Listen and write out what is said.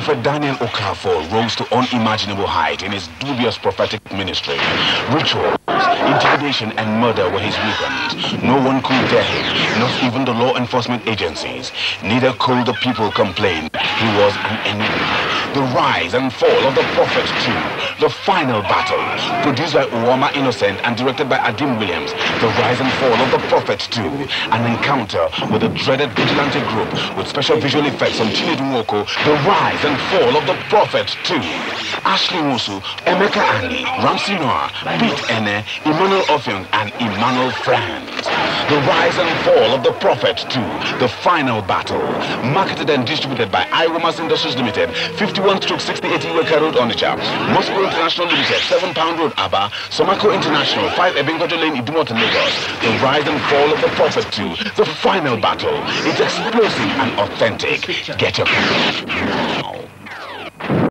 Prophet Daniel Okafor rose to unimaginable height in his dubious prophetic ministry. Rituals, intimidation, and murder were his weapons. No one could dare him, not even the law enforcement agencies. Neither could the people complain. He was an enemy the rise and fall of the Prophet Two, the final battle, produced by Uwama Innocent and directed by Adim Williams, the rise and fall of the Prophet Two, an encounter with the dreaded vigilante group with special visual effects on Chinedu Moko. the rise and fall of the Prophet Two. Ashley Musu, Emeka Angi, Ramsey Noah, Pete Ene, Emmanuel ofion and Emmanuel Fran. The rise and fall of the Prophet 2, the final battle. Marketed and distributed by iRomas Industries Limited, 51 stroke 68 Iweka Road, Onitsha. Moscow International Limited, 7 Pound Road, Abba. Somako International, 5 Ebingojo Lane, Idumota, Lagos. The rise and fall of the Prophet 2, the final battle. It's explosive and authentic. Get your copy.